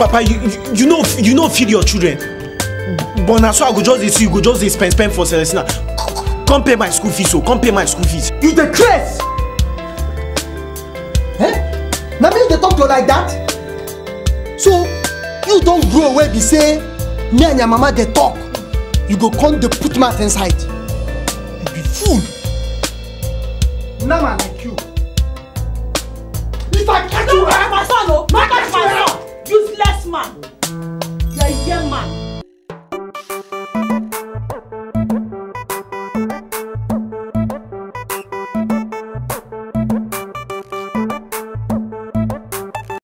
papa you you no you know feed your children but na so i go just dey see you go just dey spend spend for celestina come pay my school fees o oh. come pay my school fees. you dey craze eh na me you dey talk to like that so you don grow wey be say me and your mama dey talk you go come dey put mouth inside you be fool nama like you if i catch you. i no my son o. Oh. próxima!